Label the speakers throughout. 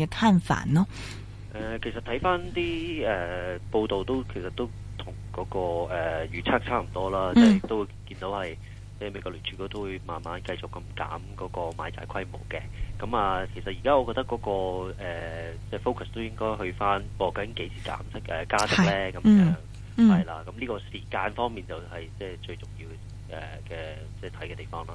Speaker 1: 嘅看法咯、
Speaker 2: 哦，誒、呃，其實睇翻啲誒報道都其實都同嗰、那個誒預測差唔多啦，即係、嗯、都見到係即係美國聯儲局都會慢慢繼續咁減嗰個買債規模嘅，咁啊，其實而家我覺得嗰、那個誒即、呃、係 focus 都應該去翻播緊幾時減息嘅加息咧，咁、嗯、樣係、嗯、啦，咁呢個時間方面就係、是、即係最重要誒嘅、呃、即係睇嘅地方啦。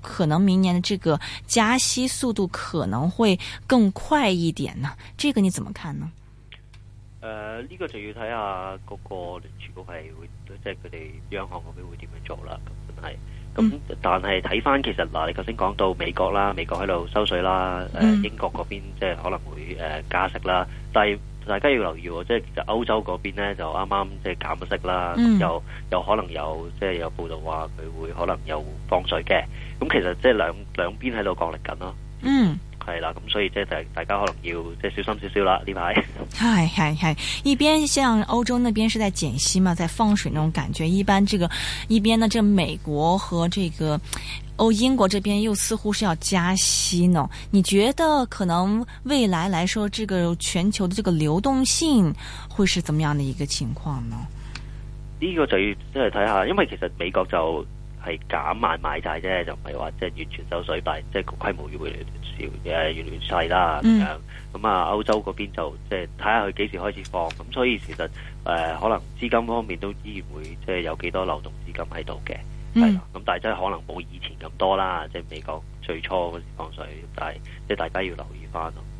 Speaker 1: 可能明年的這個加息速度可能會更快一點呢？這個你怎麼看呢？誒、
Speaker 2: 呃，呢、這個就要睇下嗰個聯儲局係會，即係佢哋央行嗰邊會點樣做、嗯嗯、但啦。咁係，咁但係睇翻其實嗱，你頭先講到美國啦，美國喺度收稅啦，誒、呃，嗯、英國嗰邊即係可能會誒加息啦。但係大家要留意、哦、即係就歐洲嗰邊咧，就啱啱即係減息啦，又、嗯、有，有可能有即係有報道話佢會可能又放水嘅。咁、嗯嗯、其實即係兩兩邊喺度角力緊咯。嗯，係啦，咁所以即係大大家可能要即係小心少少啦呢排。
Speaker 1: 係係係，一邊像歐洲那邊是在減息嘛，在放水嗰種感覺，一般這個一邊呢，這個、美國和這個歐英國這邊又似乎是要加息呢？你覺得可能未來來說，這個全球的這個流動性會是怎麼樣的一個情況呢？
Speaker 2: 呢個就要即係睇下，因為其實美國就，係減慢買債啫，就唔係話即係完全收水，但係即係個規模越嚟越少，誒越嚟越細啦咁、嗯、樣。咁、嗯、啊，歐洲嗰邊就即係睇下佢幾時開始放，咁、嗯、所以其實誒、呃、可能資金方面都依然會即係、就是、有幾多流動資金喺度嘅，係咁，嗯、但係真係可能冇以前咁多啦。即、就、係、是、美國最初嗰時放水，但係即係大家要留意翻。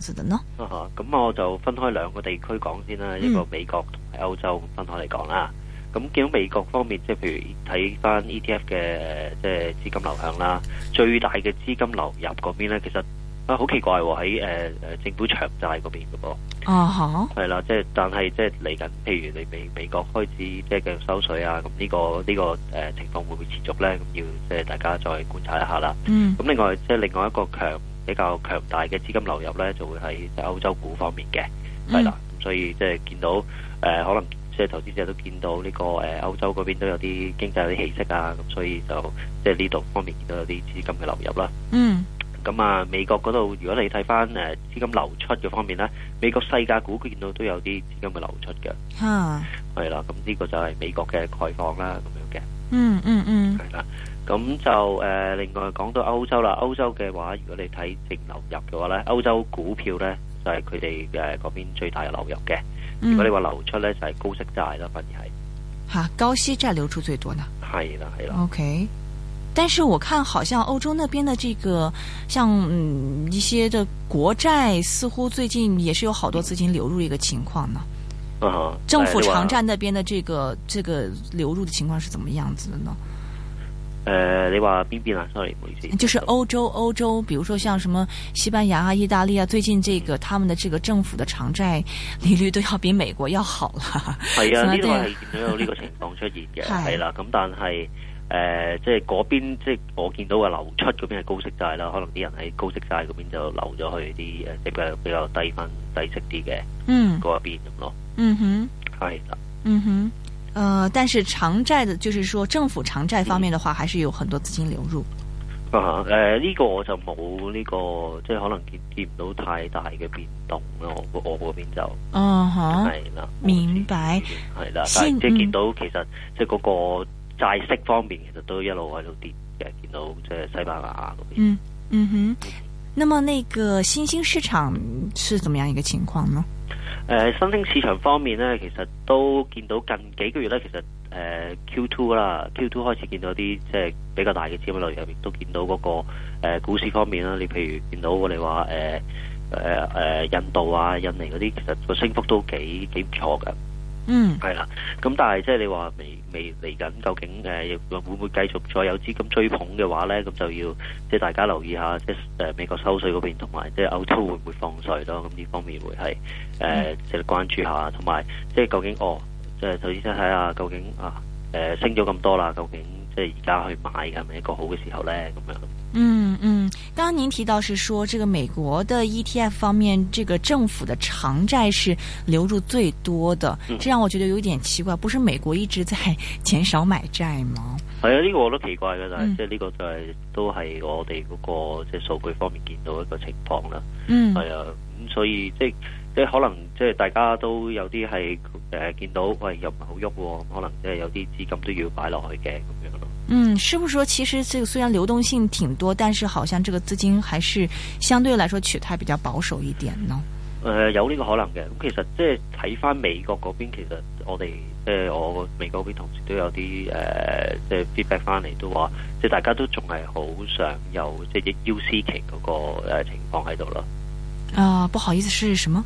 Speaker 2: 咁、嗯、我就分開兩個地區講先啦，一個美國同歐洲分開嚟講啦。咁見到美國方面，即係譬如睇返 ETF 嘅即係資金流向啦，最大嘅資金流入嗰邊呢，其實啊好奇怪喎，喺政府長債嗰邊嘅
Speaker 1: 噃。
Speaker 2: 哦、啊，係啦，即係但係即係嚟緊，譬如你美美國開始即係繼續收水啊，咁、這、呢個呢個誒情況會唔會持續呢？咁要即係大家再觀察一下啦。咁另外即係另外一個強。比較強大嘅資金流入咧，就會喺歐洲股方面嘅係啦，所以即係見到誒、呃，可能即係投資者都見到呢、這個誒歐、呃、洲嗰邊都有啲經濟有啲起色啊，咁所以就即係呢度方面見到有啲資金嘅流入啦。嗯，咁啊，美國嗰度如果你睇翻誒資金流出嘅方面咧，美國世界股見到都有啲資金嘅流出嘅。吓、啊，係啦，咁呢個就係美國嘅概況啦咁樣嘅。嗯嗯嗯，係啦。咁就誒、呃，另外講到歐洲啦，歐洲嘅話，如果你睇淨流入嘅話咧，歐洲股票咧就係佢哋誒嗰邊最大嘅流入嘅。嗯、如果你話流出咧，就係、是、高息債啦，反而係。嚇、
Speaker 3: 啊，
Speaker 1: 高息債流出最多呢？
Speaker 2: 係啦，係啦。
Speaker 1: O、okay. K，但是我看好像歐洲那邊的這個，像、嗯、一些的國債，似乎最近也是有好多資金流入一個情況呢。嗯、
Speaker 2: 政府長債
Speaker 1: 那邊的這個、嗯、這個流入的情況是怎麼樣子的呢？
Speaker 2: 誒、呃，你話邊邊啊？Sorry，唔好意思，就
Speaker 1: 是歐洲，歐洲，比如說像什麼西班牙啊、意大利啊，最近這個、嗯、他們的這個政府的長債利率都要比美國要好了。係啊、嗯，呢個係見到
Speaker 2: 有呢個情況出現嘅，係啦。 咁但係誒，即係嗰邊，即、就、係、是、我見到嘅流出嗰邊係高息債啦，可能啲人喺高息債嗰邊就流咗去啲誒，比較低分低息啲嘅，嗯，嗰一邊咁咯。嗯哼，係啦的。嗯哼。
Speaker 1: 呃，但是長債的，就是說政府長債方面的話，嗯、還是有很多資金流入。
Speaker 2: 啊、誒、呃、呢、這個我就冇呢、這個，即係可能見見唔到太大嘅變動咯。我我嗰邊就，
Speaker 1: 哦、啊、哈，係啦了，明白，係啦，
Speaker 2: 現但係即係見到其實、嗯、即係嗰個債息方面，其實都一路喺度跌嘅，見到即係西班牙嗰邊。嗯嗯哼，
Speaker 1: 那麼那個新興市場是怎麼樣一個情況呢？
Speaker 2: 誒、呃、新興市場方面咧，其實都見到近幾個月咧，其實、呃、Q2 啦，Q2 開始見到啲即係比較大嘅資本流入，亦都見到嗰、那個、呃、股市方面啦。你譬如見到我哋話誒印度啊、印尼嗰啲，其實個升幅都幾幾唔錯㗎。嗯，係啦，咁但係即係你話未未嚟緊，究竟誒會唔會繼續再有資金追捧嘅話咧？咁就要即係大家留意下，即係誒美國收稅嗰邊同埋即係歐洲會唔會放稅咯？咁呢方面會係誒、呃、值得關注下，同埋即係究竟哦，即係首先即係睇下究竟啊誒、呃、升咗咁多啦，究竟即係而家去買嘅係咪一個好嘅時候咧？咁樣。
Speaker 1: 嗯嗯，剛剛、嗯、您提到是說，這個美國的 ETF 方面，這個政府的長債是流入最多的，嗯、這讓我覺得有點奇怪，不是美國一直在減少買債嗎？
Speaker 2: 係啊，呢個我都奇怪㗎，但係即係呢個就係、是、都係我哋嗰、那個即係、就是、數據方面見到一個情況啦。嗯，係啊，咁所以即係即係可能即係大家都有啲係誒見到，喂又唔好喐喎、哦，可能即係有啲資金都要擺落去嘅。
Speaker 1: 嗯，是不是說，其實這個雖然流動性挺多，但是好像這個資金還是相對來說取態比較保守一點呢？誒、
Speaker 2: 呃，有呢個可能嘅。咁，其實即係睇翻美國嗰邊，其實我哋即係我美國嗰邊同事都有啲誒，即、呃、係、就是、feedback 翻嚟都話，即、就、係、是、大家都仲係好想有即係、就是、U C 期嗰、那個誒、呃、情況喺度咯。啊、
Speaker 1: 呃，不好意思，是什麼？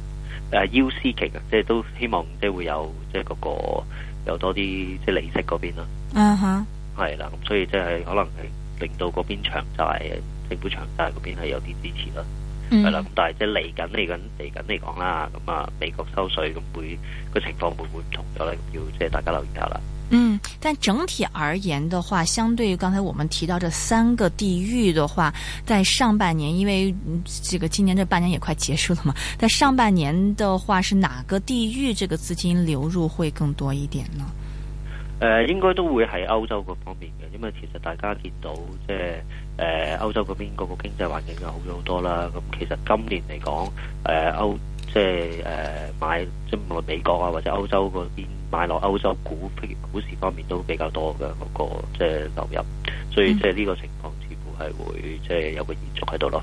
Speaker 2: 誒、呃、U C 期嘅，即、就、係、是、都希望即係會有即係嗰個有多啲即係利息嗰邊咯。嗯哼、uh。Huh. 係啦，咁所以即係可能係令到嗰邊長債、政府長債嗰邊係有啲支持咯，
Speaker 3: 係啦、嗯。咁
Speaker 2: 但係即係嚟緊嚟緊嚟緊嚟講啦，咁啊美國收稅咁會個情況會唔會唔同咗咧？要即係大家留意下啦。
Speaker 1: 嗯，但整體而言的話，相對於剛才我們提到這三個地域的話，在上半年，因為這個今年這半年也快結束了嘛，在上半年的話，是哪個地域這個資金流入會更多一點呢？
Speaker 2: 誒應該都會係歐洲嗰方面嘅，因為其實大家見到即係誒歐洲嗰邊嗰個經濟環境又好咗好多啦。咁其實今年嚟講，誒歐即係誒買即係美國啊，或者歐洲嗰邊買落歐洲股，股市方面都比較多嘅嗰個即係流入，所以即係呢個情況似乎係會即係有個延續喺度咯。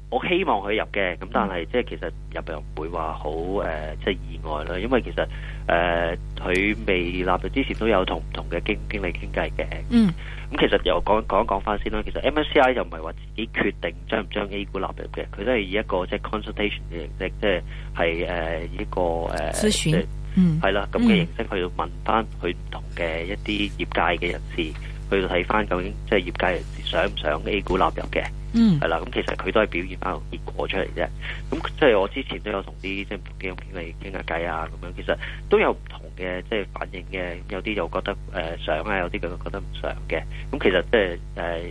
Speaker 2: 我希望佢入嘅，咁但係即係其實入又唔會話好誒，即係意外啦。因為其實誒佢、呃、未納入之前都有同唔同嘅經經理傾偈嘅。嗯。咁其實又講講一講翻先啦。其實 MSCI 又唔係話自己決定將唔將 A 股納入嘅，佢都係以一個即係 consultation 嘅形式，即係係誒一個誒、呃、諮詢係啦咁嘅形式去問翻佢唔同嘅一啲業界嘅人士，嗯、去睇翻究竟即係業界人士，想唔想 A 股納入嘅？嗯，係啦，咁其實佢都係表現返個結果出嚟啫。咁即係我之前都有跟、就是、同啲即係基金經理傾下偈啊。咁樣其實都有唔同嘅，即、就、係、是、反應嘅。有啲就覺得誒想啊，有啲佢覺得唔想嘅。咁其實即係誒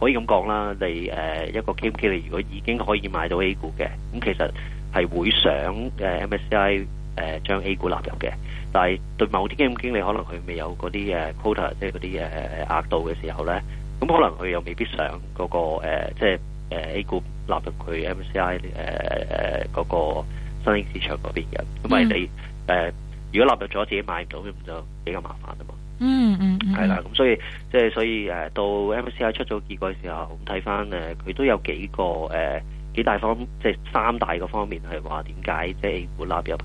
Speaker 2: 可以咁講啦。你誒一個基金經理如果已經可以買到 A 股嘅，咁其實係會想誒 MSCI 誒將 A 股納入嘅，但係對某啲基金經理可能佢未有嗰啲誒 quota，即係嗰啲誒誒額度嘅時候咧。咁可能佢又未必想嗰、那個誒，即係誒 A 股納入佢 MSCI 誒、呃、誒嗰、呃那個新興市場嗰邊嘅。咁啊、嗯，你誒、呃、如果納入咗自己買唔到，咁就比較麻煩啊嘛。嗯
Speaker 3: 嗯。係、嗯、啦，咁、
Speaker 2: 嗯、所以即係、就是、所以誒，到 MSCI 出咗結果嘅時候，咁睇翻誒，佢都有幾個誒、呃、幾大方，即、就、係、是、三大個方面係話點解即係 A 股納入誒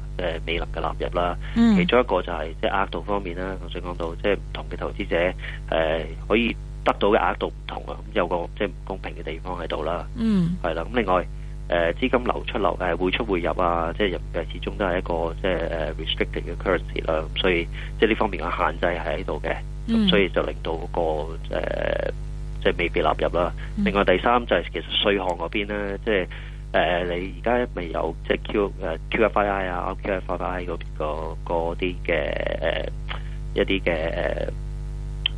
Speaker 2: 未能嘅納入啦。嗯、其中一個就係即係額度方面啦，頭先講到即係唔同嘅投資者誒、呃、可以。得到嘅額度唔同啊，咁有個即係唔公平嘅地方喺度啦。嗯，係啦。咁另外，誒資金流出流係匯出匯入啊，即係入嘅始終都係一個即係 restricted 嘅 currency 啦。咁所以即係呢方面嘅限制係喺度嘅。
Speaker 3: 咁、嗯、所以
Speaker 2: 就令到、嗰個誒、呃、即係未必納入啦。另外第三就係其實稅項嗰邊咧，即係誒、呃、你而家未有即係 Q 誒 QFII 啊、R、QFII 個嗰啲嘅誒一啲嘅。呃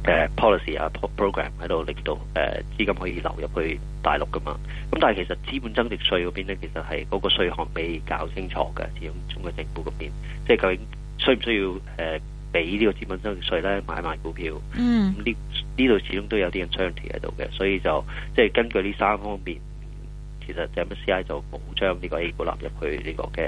Speaker 2: 誒、uh, policy 啊、uh,，program 喺度令到、uh, 資金可以流入去大陸噶嘛，咁但係其實資本增值稅嗰邊咧，其實係嗰個稅項未搞清楚嘅，始終中國政府嗰邊，即係究竟需唔需要誒俾呢個資本增值稅咧買賣股票？Mm. 嗯，咁呢呢度始終都有啲 uncertainty 喺度嘅，所以就即係根據呢三方面，其實 MSCI 就冇將呢個 A 股納入去呢個嘅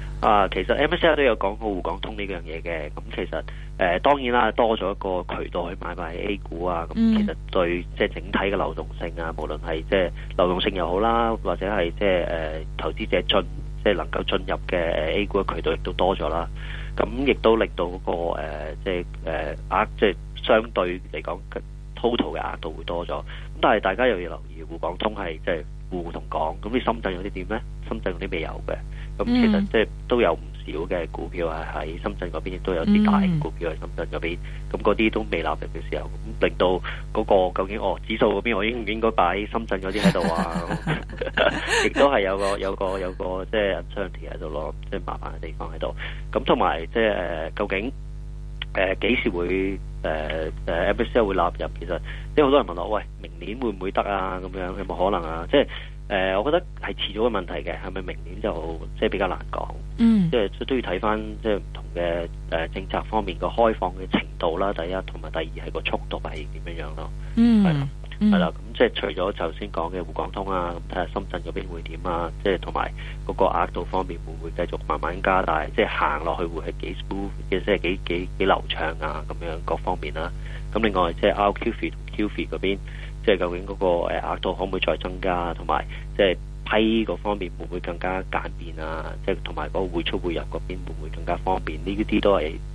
Speaker 2: 啊，其實 MSCI 都有講過滬港通呢樣嘢嘅，咁、嗯、其實誒、呃、當然啦，多咗一個渠道去買賣 A 股啊，咁、嗯嗯、其實對即係、就是、整體嘅流動性啊，無論係即係流動性又好啦，或者係即係誒投資者進即係、就是、能夠進入嘅 A 股嘅渠道亦都多咗啦，咁、嗯、亦都令到嗰、那個、呃呃呃、即係誒額即係相對嚟講 total 嘅額度會多咗，咁但係大家又要留意通是、就是、滬港通係即係滬同港，咁你深圳有啲點咧？深圳有啲未有嘅。咁其實即係都有唔少嘅股票係喺深圳嗰邊，亦都有啲大股票喺深圳嗰邊。咁嗰啲都未納入嘅時候，咁令到嗰個究竟哦，指數嗰邊我應唔應該擺深圳嗰啲喺度啊？亦都係有個有個有個即係張條喺度咯，即係麻煩嘅地方喺度。咁同埋即係誒，究竟誒幾時會誒誒 MSCI 會納入？其實即係好多人問我，喂，明年會唔會得啊？咁樣有冇可能啊？即係。呃、我覺得係遲早嘅問題嘅，係咪明年就即係比較難講，即係都要睇翻即係唔同嘅政策方面個開放嘅程度啦。第一，同埋第二係個速度係點樣樣咯。係啦、嗯，係啦的，咁即係除咗頭先講嘅滬港通啊，咁睇下深圳嗰邊會點啊。即係同埋嗰個額度方面會唔會繼續慢慢加大？即係行落去會係幾 smooth 即係幾流暢啊，咁樣各方面啦。咁另外即係 RQF 同 QF 嗰即係究竟嗰個誒額度可唔可以再增加，同埋即係批嗰方面會唔會更加簡便啊？即係同埋嗰匯出匯入嗰邊會唔會更加方便？呢啲都係。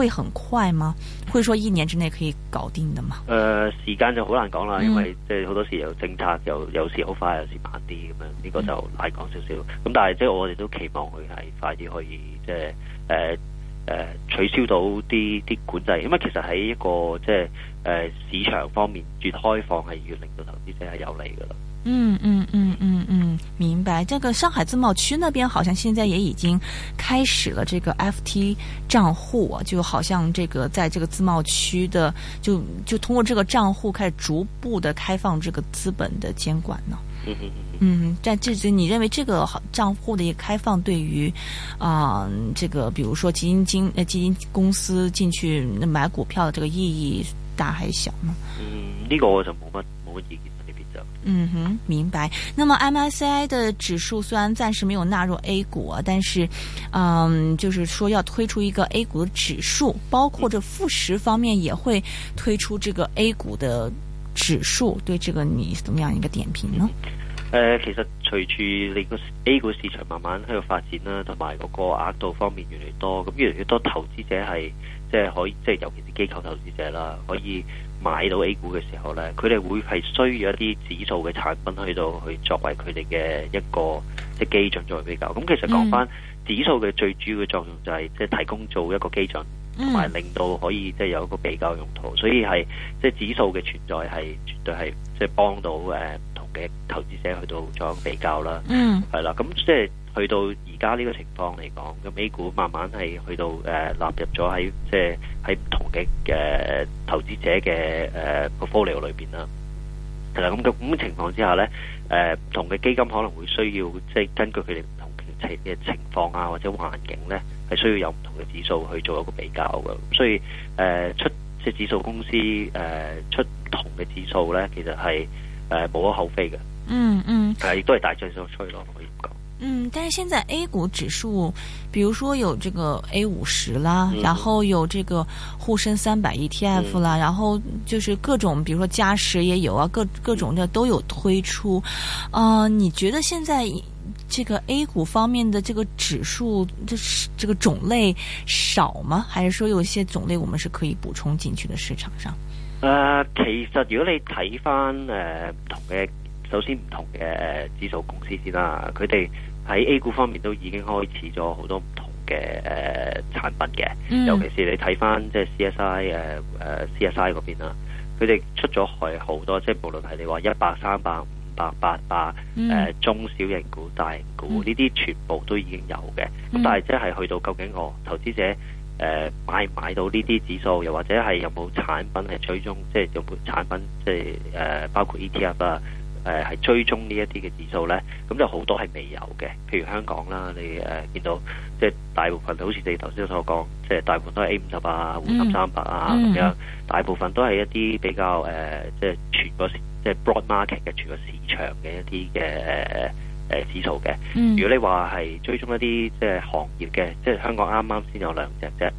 Speaker 1: 會很快嗎？會說一年之內可以搞定的嗎？
Speaker 2: 誒、呃，時間就好難講啦，嗯、因為即係好多時有政策又有，有時好快，有時慢啲咁樣，呢、這個就難講少少。咁、嗯、但係即係我哋都期望佢係快啲可以即係誒誒取消到啲啲管制，因為其實喺一個即係誒市場方面越開放係越令到投資者係有利噶啦。
Speaker 1: 嗯嗯嗯嗯嗯，明白。這個上海自貿區那邊好像現在也已經開始了這個 FT 賬戶、啊，就好像這個在這個自貿區的就，就就通過這個賬戶開始逐步的開放這個資本的監管呢、啊。嗯嗯嗯嗯。但這只你認為這個賬戶的一個開放對於啊、呃、這個比如說基金金呃基金公司進去買股票的這個意義大還小呢？嗯，
Speaker 2: 呢、這個我就冇乜冇乜意見。
Speaker 1: 嗯哼，明白。那麼 MSCI 的指數雖然暫時沒有納入 A 股，但是，嗯，就是說要推出一個 A 股的指數，包括這富時方面也會推出這個 A 股的指數。對這個你怎麼樣一個點
Speaker 2: 評呢？誒、呃，其實隨住你個 A 股市場慢慢喺度發展啦，同埋個額度方面越嚟越多，咁越嚟越多投資者係即係可以，即係尤其是機構投資者啦，可以。買到 A 股嘅時候咧，佢哋會係需要一啲指數嘅產品去到去作為佢哋嘅一個即係基準作為比較。咁其實講翻指數嘅最主要嘅作用就係即係提供做一個基準，同埋令到可以即係有一個比較嘅用途。所以係即係指數嘅存在係絕對係即係幫到誒唔同嘅投資者去到做比較啦。嗯，係啦，咁即係。去到而家呢個情況嚟講，咁 A 股慢慢係去到誒、呃、納入咗喺即係喺唔同嘅誒、呃、投資者嘅誒個 folio 裏邊啦。係、呃、啦，咁咁嘅情況之下咧，誒、呃、唔同嘅基金可能會需要即係根據佢哋唔同嘅情嘅情況啊，或者環境咧，係需要有唔同嘅指數去做一個比較嘅。所以誒、呃、出即係指數公司誒、呃、出唔同嘅指數咧，其實係誒、呃、無可厚非嘅、嗯。嗯嗯，但係亦都係大勢所趨咯，可以講。我
Speaker 1: 嗯，但是現在 A 股指數，比如說有這個 A 五十啦，嗯、然後有這個滬深三百 ETF 啦，嗯、然後就是各種，比如說嘉實也有啊，各各種的都有推出。啊、呃，你覺得現在這個 A 股方面的這個指數，就是這個種類少嗎？還是說有些種類我們是可以補充進去的市場上？
Speaker 2: 呃，其實如果你睇翻，呃，不同嘅，首先不同嘅指數公司先啦，佢哋。喺 A 股方面都已經開始咗好多唔同嘅誒、呃、產品嘅，
Speaker 3: 尤其是你睇
Speaker 2: 返即係 CSI 誒誒 CSI 嗰邊啦，佢、呃、哋出咗係好多，即係無論係你話一百、三百、呃、五百、八百誒中小型股、大型股呢啲，嗯、這些全部都已經有嘅。咁但係即係去到究竟我投資者誒、呃、買唔買到呢啲指數，又或者係有冇產品係最終即係有冇產品即係誒、呃、包括 ETF 啊？誒係追蹤呢一啲嘅指數咧，咁就好多係未有嘅。譬如香港啦，你誒、呃、見到即係、就是、大部分，好似你頭先所講，即、就、係、是、大部分都係 A 五十啊、滬三百啊咁、嗯、樣，大部分都係一啲比較誒，即、呃、係、就是、全個即係、就是、Broad Market 嘅全個市場嘅一啲嘅誒指數嘅。嗯、如果你話係追蹤一啲即係行業嘅，即、就、係、是、香港啱啱先有兩隻啫，誒誒、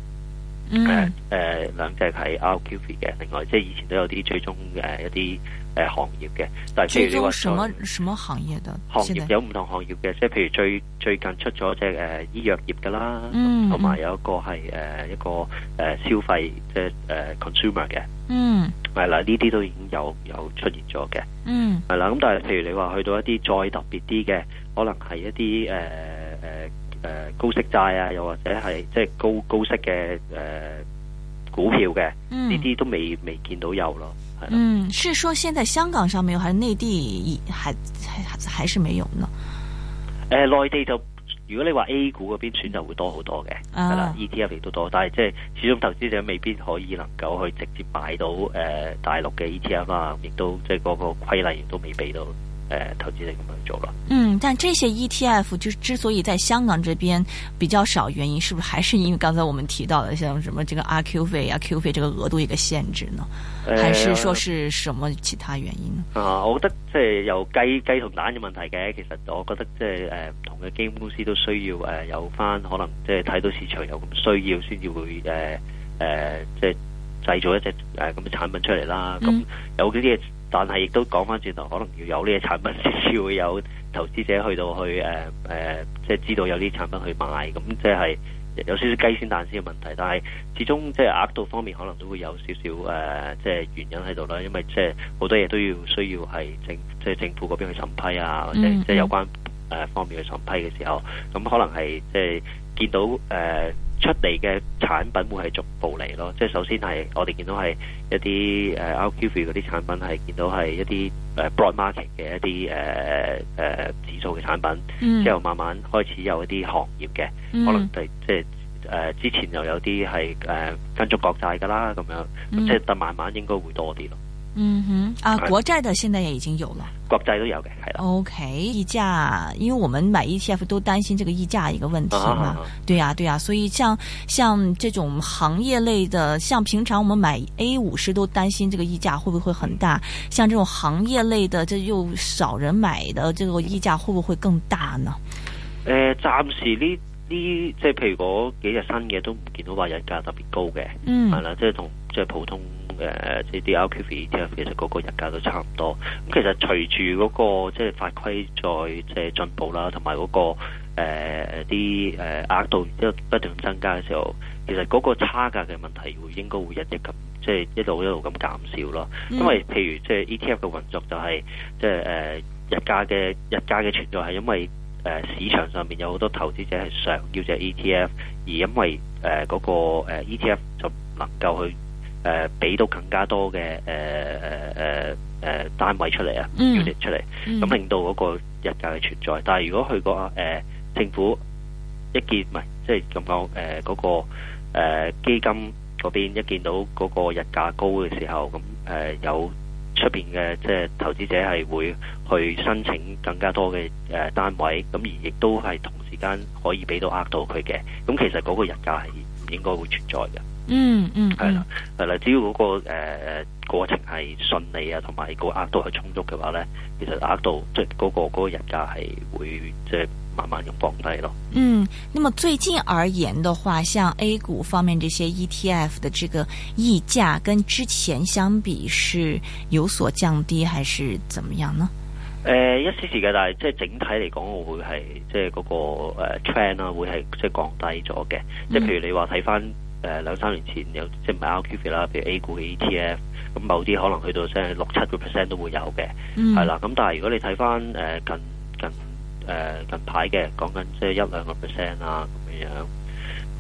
Speaker 2: 嗯呃呃、兩隻係 LQF 嘅，另外即係、就是、以前都有啲追蹤誒一啲。誒、呃，行業嘅，
Speaker 1: 但係譬如你話，行業
Speaker 2: 有唔同行業嘅，即係譬如最最近出咗隻誒醫藥業㗎啦，同埋、嗯、有一個係誒、呃、一個誒、呃、消費即係誒 consumer 嘅，
Speaker 3: 嗯，
Speaker 2: 係啦，呢啲都已經有有出現咗嘅，嗯，係啦，咁但係譬如你話去到一啲再特別啲嘅，可能係一啲誒誒誒高息債啊，又或者係即係高高息嘅誒、呃、
Speaker 1: 股
Speaker 2: 票嘅，呢啲、嗯、都未未見到有咯。
Speaker 1: 嗯，是說現在香港上沒有，還是內地還還還是沒有呢？誒、
Speaker 2: 呃，內地就如果你話 A 股，嗰邊選擇會多好多嘅，係啦、啊，ETF 亦都多，但係即係始終投資者未必可以能夠去直接買到誒、呃、大陸嘅 ETF 啊，亦都即係嗰個規例亦都未俾到，誒，投資呢咁樣做咯。
Speaker 1: 嗯，但係這些 ETF 就之所以在香港這邊比較少，原因是不是還是因為剛才我們提到的，像什麼這個 RQ 費啊、R、Q 費這個額度一個限制呢？
Speaker 2: 還是說是
Speaker 1: 什麼其他原因呢？
Speaker 2: 啊，我覺得即係由雞雞同蛋嘅問題嘅。其實我覺得即係誒，唔、呃、同嘅基金公司都需要誒有翻可能即係睇到市場有咁需要，先至會誒誒即係製造一隻誒咁嘅產品出嚟啦。咁、嗯、有嗰啲嘢。但係亦都講翻轉頭，可能要有呢啲產品先至會有投資者去到去誒誒，即、呃、係、呃、知道有啲產品去買咁，即係有些少少雞先蛋先嘅問題。但係始終即係額度方面，可能都會有少少誒，即、呃、係原因喺度啦，因為即係好多嘢都要需要係政即係政府嗰邊去審批啊，或者即係有關誒方面去審批嘅時候，咁可能係即係見到誒。呃出嚟嘅產品會係逐步嚟咯，即係首先係我哋見到係一啲誒 LQV 嗰啲產品係見到係一啲 Broad Market 嘅一啲誒誒指數嘅產品，呃呃產品嗯、之後慢慢開始有一啲行業嘅，嗯、可能係即係之前又有啲係、呃、跟足國債噶啦咁樣，即係但慢慢應該會多啲咯。
Speaker 1: 嗯哼，啊，國債的現在也已經有
Speaker 2: 了，國債都有嘅
Speaker 1: 係啦。O K，溢價，因為我們買 E T F 都擔心這個溢價一個問題嘛，啊哈哈對啊對啊所以像像這種行業類的，像平常我們買 A 五十都擔心這個溢價會不會很大，嗯、像這種行業類的，這又少人買的，這個溢價會不會更大呢？
Speaker 2: 暫、呃、時呢呢，即係譬如講幾日新嘅都唔見到話溢價特別高嘅，嗯，係啦，即、就、係、是、同即係、就是、普通。誒即係啲 RQFII ETF，其實嗰個日價都差唔多。咁其實隨住嗰個即係法規再即係進步啦，同埋嗰個誒啲誒額度一不斷增加嘅時候，其實嗰個差價嘅問題會應該會一直咁，即係一路一路咁減少咯。因為譬如即係 ETF 嘅運作就係即係誒日價嘅日價嘅存在係因為誒市場上面有好多投資者係想要隻 ETF，而因為誒嗰個誒 ETF 就能夠去。誒俾、呃、到更加多嘅誒誒誒單位出嚟啊，嗯、出嚟，咁、嗯、令到嗰個日價嘅存在。但係如果去個誒、呃、政府一見唔係，即係咁講誒嗰個、呃、基金嗰邊一見到嗰個日價高嘅時候，咁誒、呃、有出面嘅即係投資者係會去申請更加多嘅、呃、單位，咁而亦都係同時間可以俾到呃到佢嘅。咁其實嗰個日價係應該會存在嘅。
Speaker 3: 嗯嗯，係
Speaker 2: 啦係啦，只要嗰、那個誒、呃、過程係順利啊，同埋個額度係充足嘅話咧，其實額度即係、那、嗰個嗰、那個溢價係會即係慢慢咁降低咯。嗯，
Speaker 1: 那麼最近而言嘅話，像 A 股方面呢些 ETF 嘅這個溢價跟之前相比是有所降低還是怎麼樣呢？誒、
Speaker 2: 呃，一時時嘅，但係即係整體嚟講，我會係即係、那、嗰個誒、呃、trend 啦、啊，會係即係降低咗嘅。即係、嗯、譬如你話睇翻。誒兩三年前有即係唔係 RQF 啦，譬如 A 股嘅 ETF，咁某啲可能去到即係六七個 percent 都會有嘅，係啦、嗯。咁但係如果你睇返誒近近誒近排嘅，講緊即係一兩個 percent 啊咁樣樣，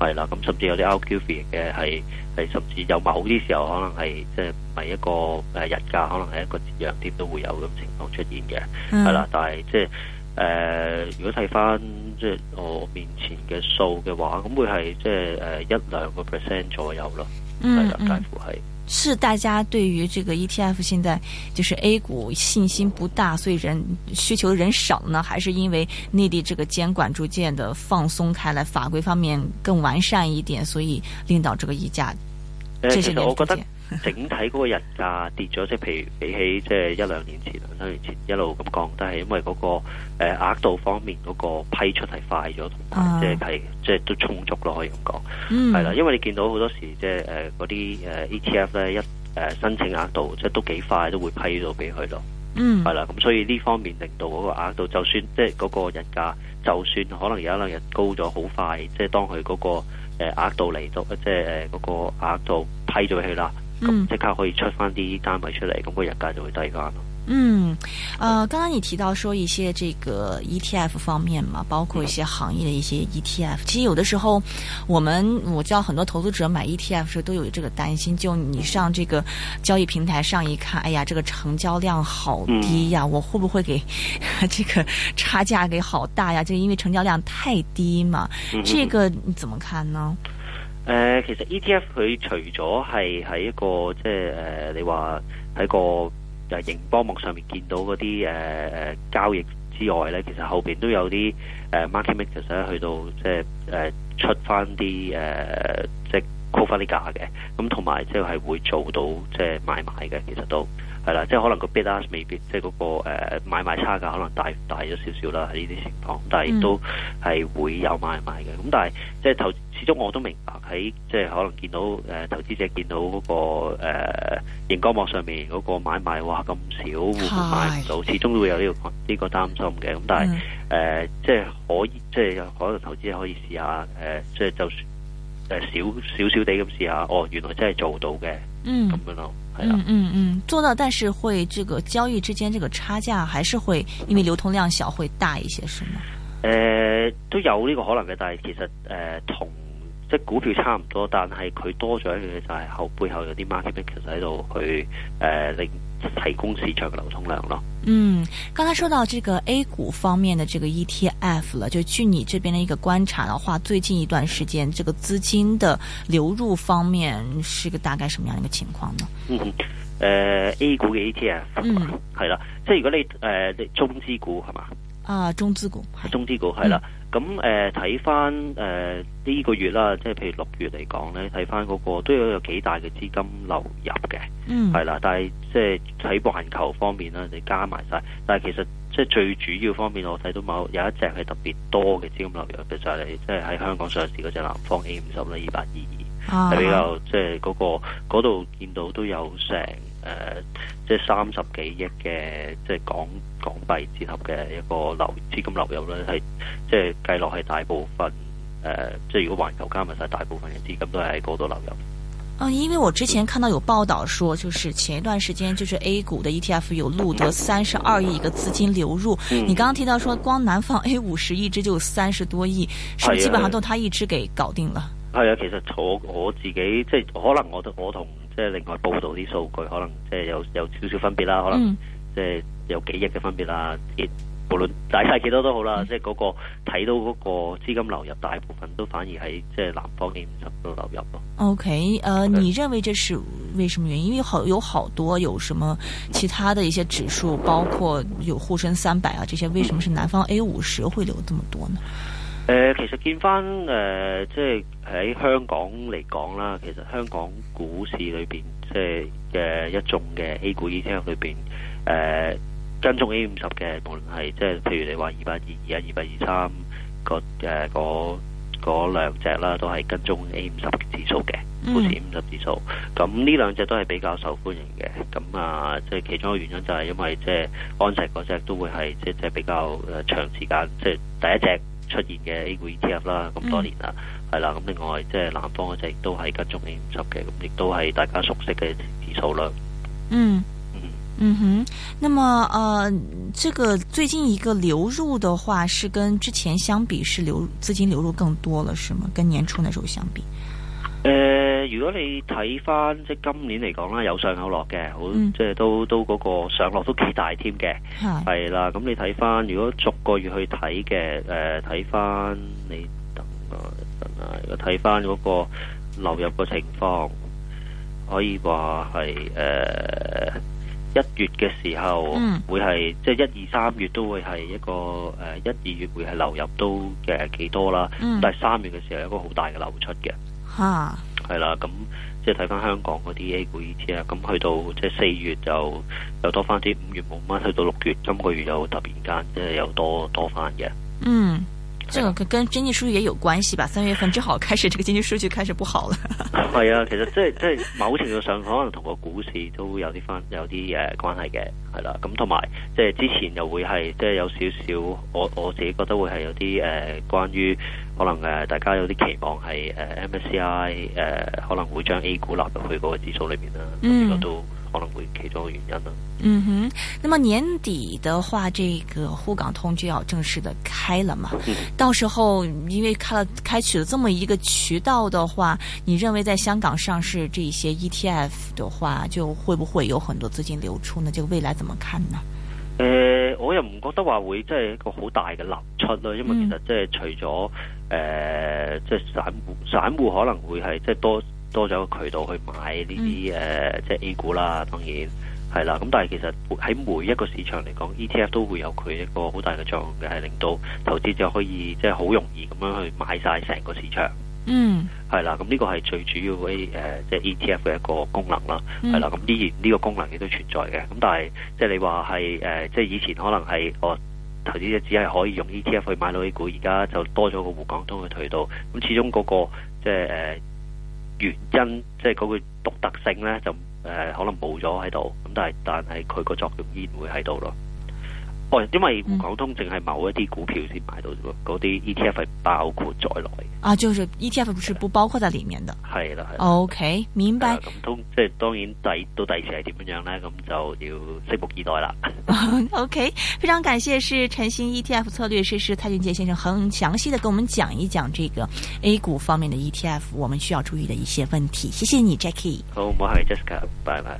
Speaker 2: 係啦。咁甚至有啲 RQF 嘅係係甚至有某啲時候可能係即係唔係一個溢價，可能係一個折讓都會有咁情況出現嘅，係啦、嗯。但係即係。誒、呃，如果睇翻即係我面前嘅數嘅話，咁會係即係誒一兩個 percent 左右咯，係啦、嗯，大概係。
Speaker 1: 是大家對於這個 E T F 現在就是 A 股信心不大，所以人需求人少呢？還是因為內地這個監管逐漸的放鬆開來，法規方面更完善一點，所以令到這個溢價這
Speaker 2: 些年出現？呃整體嗰個日價跌咗，即係譬如比起即係一兩年前、兩三年前一路咁降，都係因為嗰、那個誒額、呃、度方面嗰個批出係快咗，同埋、啊、即係即係都充足咯，可以咁講。係啦、嗯，因為你見到好多時即係誒嗰啲誒 ETF 咧一誒、呃、申請額度，即係都幾快都會批咗俾佢咯。係啦、嗯，咁所以呢方面令到嗰個額度，就算即係嗰個日價，就算可能有一兩日高咗好快，即係當佢嗰、那個誒額、呃、度嚟到，即係誒嗰個額度批咗佢啦。嗯，即刻可以出翻啲單位出嚟，咁個溢價
Speaker 1: 就會低啲咯。嗯，呃，剛剛你提到說一些這個 E T F 方面嘛，包括一些行業的一些 E T F。其實有的時候，我們我知道很多投資者買 E T F 的時候都有這個擔心，就你上這個交易平台上一看，哎呀，這個成交量好低呀，嗯、我會不會給這個差價給好大呀？就因為成交量太低嘛？嗯、哼這個你怎麼看呢？
Speaker 2: 誒、呃，其實 ETF 佢除咗係喺一個即係誒，你話喺個誒螢光幕上面見到嗰啲誒誒交易之外咧，其實後邊都有啲誒 market makers 去到即係誒出翻啲誒即係 call 翻啲價嘅，咁同埋即係會做到即係、就是、買賣嘅，其實都係啦，即係、就是、可能個 bid ask 未必即係嗰個誒、呃、買賣差價可能大大咗少少啦，喺呢啲情況，但係都係會有買賣嘅。咁但係即係投。就是始終我都明白喺即係可能見到誒、呃、投資者見到嗰、那個誒熒、呃、光幕上面嗰個買賣哇咁少，會買唔到，哎、始終都會有呢、這個呢、這個擔心嘅。咁但係誒、嗯呃、即係可以，即係可能投資者可以試下誒，即、呃、係就算誒少少少地咁試下，哦原來真係做到嘅、嗯嗯。
Speaker 1: 嗯，咁樣咯，係啊，嗯嗯，做到，但係會這個交易之間這個差價，還是會因為流通量小會大一些什麼，是
Speaker 2: 嗎、呃？誒都有呢個可能嘅，但係其實誒、呃、同。即係股票差唔多，但係佢多咗一樣嘢，就係後背後有啲 market maker 喺度去誒、呃，令提供市場嘅流通量咯。嗯，
Speaker 1: 剛才說到這個 A 股方面的這個 ETF 了，就據你這邊的一個觀察的話，最近一段時間這個資金的流入方面是個大概什麼樣一個情況
Speaker 2: 呢？嗯，誒、呃，A 股嘅 ETF，嗯，係啦，即係如果你誒，呃、你中資股係嘛？是
Speaker 1: 吧啊，中資股，
Speaker 2: 中資股係啦。是的嗯咁誒睇翻誒呢個月啦，即係譬如六月嚟講咧，睇翻嗰個都有有幾大嘅資金流入嘅，係啦、嗯。但係即係喺環球方面啦，你加埋晒。但係其實即係最主要方面，我睇到某有一隻係特別多嘅資金流入嘅就係你，即係喺香港上市嗰隻南方 A 五十咧，二八二二，
Speaker 3: 係 22, 比較
Speaker 2: 即係嗰個嗰度見到都有成誒。呃即三十幾億嘅，即港港幣折合嘅一個流資金流入咧，係即係計落係大部分，誒、呃，即如果環球加埋晒大部分嘅資金都係喺嗰度流入。
Speaker 1: 嗯因為我之前看到有報道，說就是前一段時間，就是 A 股嘅 ETF 有錄得三十二億嘅資金流入。
Speaker 2: 嗯、你剛剛提
Speaker 1: 到說，光南方 A 五十一支就三十多億，是唔是基本上都係佢一支給搞定
Speaker 2: 了？係啊，其實我我自己即可能我我同。即係另外報道啲數據，可能即係有有少少分別啦，可能即係有幾億嘅分別啦。嗯、無論大細幾多都好啦，嗯、即係、那、嗰個睇到嗰個資金流入，大部分都反而喺即係南方嘅五十度流入咯。
Speaker 1: OK，誒、呃，以你認為這是為什麼原因？因為好有好多，有什麼其他的一些指數，包括有滬深三百啊，這些為什麼是南方 A 五十會流這麼多呢？誒、
Speaker 2: 呃，其實見翻誒、呃，即係。喺香港嚟講啦，其實香港股市裏邊，即係嘅一眾嘅 A 股 ETF 裏邊，誒、呃、跟蹤 A 五十嘅，無論係即係譬如你話二百二二啊、二百二三個誒嗰兩隻啦，都係跟蹤 A 五十指數嘅股市五十指數。咁呢兩隻都係比較受歡迎嘅。咁啊，即係其中嘅原因就係因為即係安碩嗰隻都會係即係比較誒長時間，即係第一隻出現嘅 A 股 ETF 啦，咁多年啦。嗯係啦，咁另外即係南方嗰隻都係跟中年執嘅，咁亦都係大家熟悉嘅指數啦。嗯
Speaker 1: 嗯嗯哼，那麼呃，這個最近一個流入的話，是跟之前相比是流資金流入更多了，是嗎？跟年初嘅時候相比？
Speaker 2: 誒、呃，如果你睇翻即係今年嚟講啦，有上有落嘅，好、嗯、即係都都嗰個上落都幾大添嘅係。係啦的，咁的你睇翻如果逐個月去睇嘅，誒睇翻你等我。睇翻嗰個流入個情況，可以話係誒一月嘅時候會係，會係、嗯、即係一、二、三月都會係一個誒一、二月會係流入都誒幾多啦。嗯、但係三月嘅時候有一個好大嘅流出嘅
Speaker 1: 嚇。
Speaker 2: 係啦哈，咁即係睇翻香港嗰啲 A 股 ETF 啊，咁去到即係四月就又多翻啲，五月冇乜，去到六月今個月又突然間即係又多多翻嘅。嗯。
Speaker 1: 這個跟跟經濟數據也有關係吧？三月份之後開始，這個經濟數據開始不好
Speaker 2: 了。係啊，其實即係即係某程度上可能同個股市都有啲翻有啲誒、呃、關係嘅，係啦。咁同埋即係之前又會係即係有少少，我我自己覺得會係有啲誒、呃、關於可能誒、呃、大家有啲期望係誒、呃、MSCI 誒、呃、可能會將 A 股納入去嗰個指數裏邊啦，咁都。嗯可能會其中一個原因。
Speaker 1: 嗯哼，那麼年底的話，這個滬港通就要正式的開了嘛？嗯。到時候因為開了開取了這麼一個渠道的話，你認為在香港上市這些 ETF 的話，就會不會有很多資金流出呢？這個未來怎麼看呢？
Speaker 2: 呃，我又唔覺得話會即係一個好大嘅流出咯，因為其實即係除咗呃，即係散戶散戶可能會係即係多。多咗個渠道去買呢啲、呃、即係 A 股啦。當然係啦。咁但係其實喺每一個市場嚟講、mm.，ETF 都會有佢一個好大嘅作用嘅，係令到投資者可以即係好容易咁樣去買晒成個市場。
Speaker 3: 嗯，
Speaker 2: 係啦。咁、這、呢個係最主要嘅、呃、即係 ETF 嘅一個功能啦。係、mm. 啦。咁依然呢個功能亦都存在嘅。咁但係即係你話係、呃、即係以前可能係哦投資者只係可以用 ETF 去買到 A 股，而家就多咗個滬港通嘅渠道。咁始終嗰、那個即係、呃原因即係嗰個獨特性咧，就誒、呃、可能冇咗喺度，咁但係但係佢個作用依然會喺度咯。哦，因為港通淨係某一啲股票先買到啫喎，嗰啲 ETF 係包括在內。
Speaker 1: 啊，就是 ETF 是不包括在裡面的。
Speaker 2: 係啦，係。OK，
Speaker 1: 明白。咁
Speaker 2: 通即係當然第到第二時係點樣樣咧，咁就要拭目以待啦。
Speaker 1: OK，非常感謝，是晨星 ETF 策略師是蔡俊傑先生，很詳細的跟我們講一講這個 A 股方面的 ETF，我們需要注意的一些問題。謝謝你 Jackie
Speaker 2: 好，我係 Jessica，拜拜。